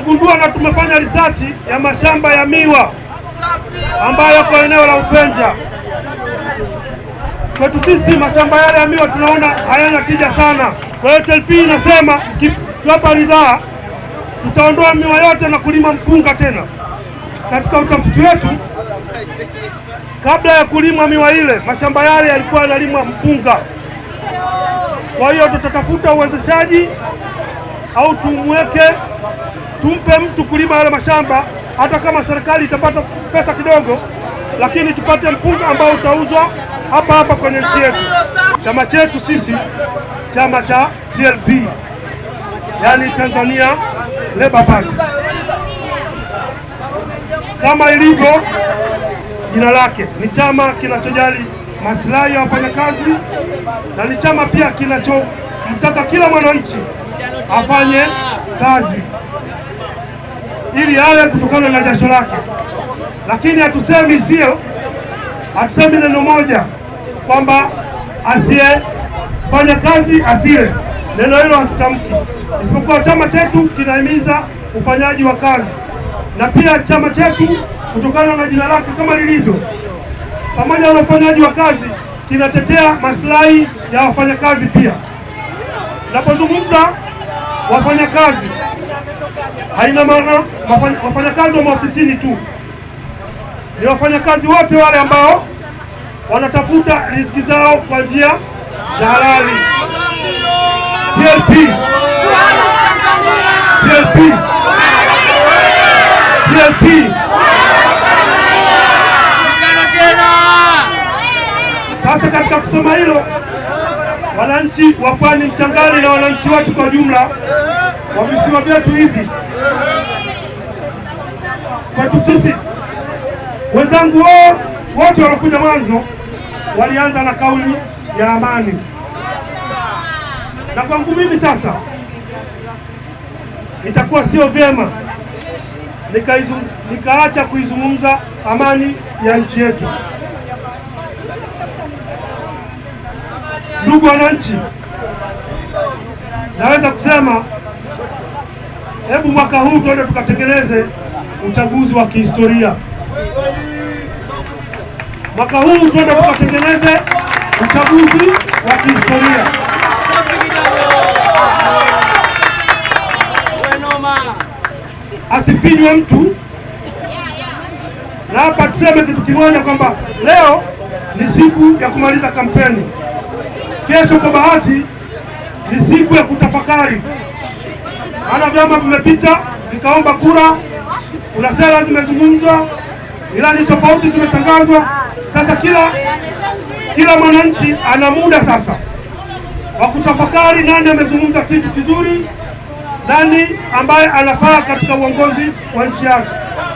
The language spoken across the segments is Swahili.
tumegundua na tumefanya risachi ya mashamba ya miwa ambayo yako eneo la Upenja. Kwetu sisi mashamba yale ya miwa tunaona hayana tija sana. Kwa hiyo TLP inasema kiwapa ridhaa, tutaondoa miwa yote na kulima mpunga tena. Katika utafiti wetu, kabla ya kulima miwa ile, mashamba yale yalikuwa yanalimwa mpunga. Kwa hiyo tutatafuta uwezeshaji au tumweke tumpe mtu kulima yale mashamba, hata kama serikali itapata pesa kidogo, lakini tupate mpunga ambao utauzwa hapa hapa kwenye nchi yetu. Chama chetu sisi chama cha TLP, yani Tanzania Labour Party, kama ilivyo jina lake, ni chama kinachojali maslahi ya wafanyakazi na ni chama pia kinachomtaka kila mwananchi afanye kazi ili awe kutokana na jasho lake, lakini hatusemi sio, hatusemi neno moja kwamba asiyefanya kazi asile. Neno hilo hatutamki, isipokuwa chama chetu kinahimiza ufanyaji wa kazi, na pia chama chetu kutokana na jina lake kama lilivyo, pamoja na ufanyaji wa kazi, kinatetea maslahi ya wafanyakazi pia. Napozungumza wafanyakazi Haina maana wafanyakazi wa maofisini tu, ni wafanyakazi wote wale ambao wanatafuta riziki zao kwa njia za halali. TLP, TLP, TLP. Sasa katika kusema hilo, wananchi wa Pwani Mchangani na wananchi wote kwa jumla wa visiwa vyetu hivi Kwetu sisi wenzangu wao wote waliokuja mwanzo walianza na kauli ya amani, na kwangu mimi sasa itakuwa sio vyema nikaacha kuizungumza amani ya nchi yetu. Ndugu wananchi, naweza kusema hebu mwaka huu tuende tukatekeleze uchaguzi wa kihistoria. Mwaka huu tuende tukatekeleze uchaguzi wa kihistoria. Asifinywe mtu. Na hapa tuseme kitu kimoja kwamba leo ni siku ya kumaliza kampeni, kesho kwa bahati ni siku ya kutafakari maana vyama vimepita vikaomba kura, kuna sera zimezungumzwa, ilani tofauti zimetangazwa. Sasa kila kila mwananchi ana muda sasa wa kutafakari nani amezungumza kitu kizuri, nani ambaye anafaa katika uongozi wa nchi yake.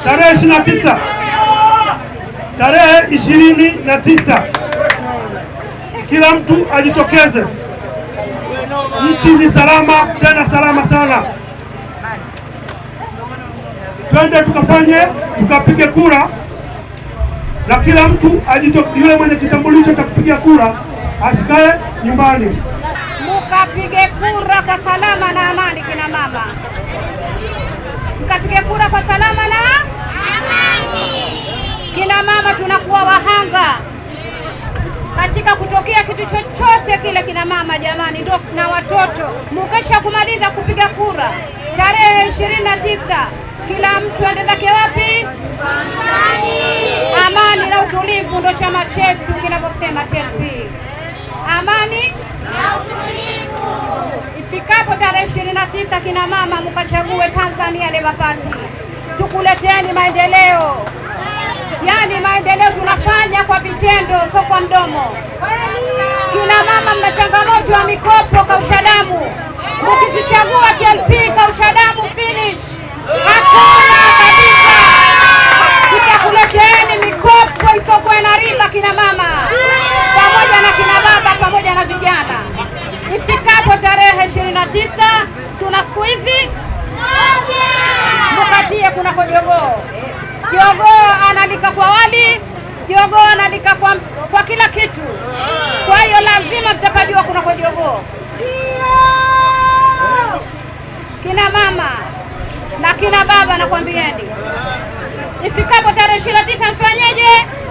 Tarehe ishirini na tisa tarehe ishirini na tisa kila mtu ajitokeze. Nchi ni salama, tena salama sana twende tukafanye tukapige kura, na kila mtu ajito, yule mwenye kitambulisho cha kupiga kura asikae nyumbani, mukapige kura kwa salama na amani. Kina mama, mkapige kura kwa salama na amani. Kina mama, tunakuwa wahanga katika kutokea kitu chochote kile, kina mama jamani, ndio na watoto, mukesha kumaliza kupiga kura tarehe ishirini na tisa, kila mtu aende zake wapi? Amani na utulivu, ndio chama chetu kinavyosema TLP, amani na utulivu. Ifikapo tarehe ishirini na tisa, kina mama mukachague Tanzania Labour Party, tukuleteni maendeleo yaani maendeleo tunafanya kwa vitendo, sio kwa mdomo. Kina mama, mna changamoto ya mikopo, kausha damu, mkituchagua kina baba, nakwambieni ifikapo tarehe 29 tisa mfanyeje?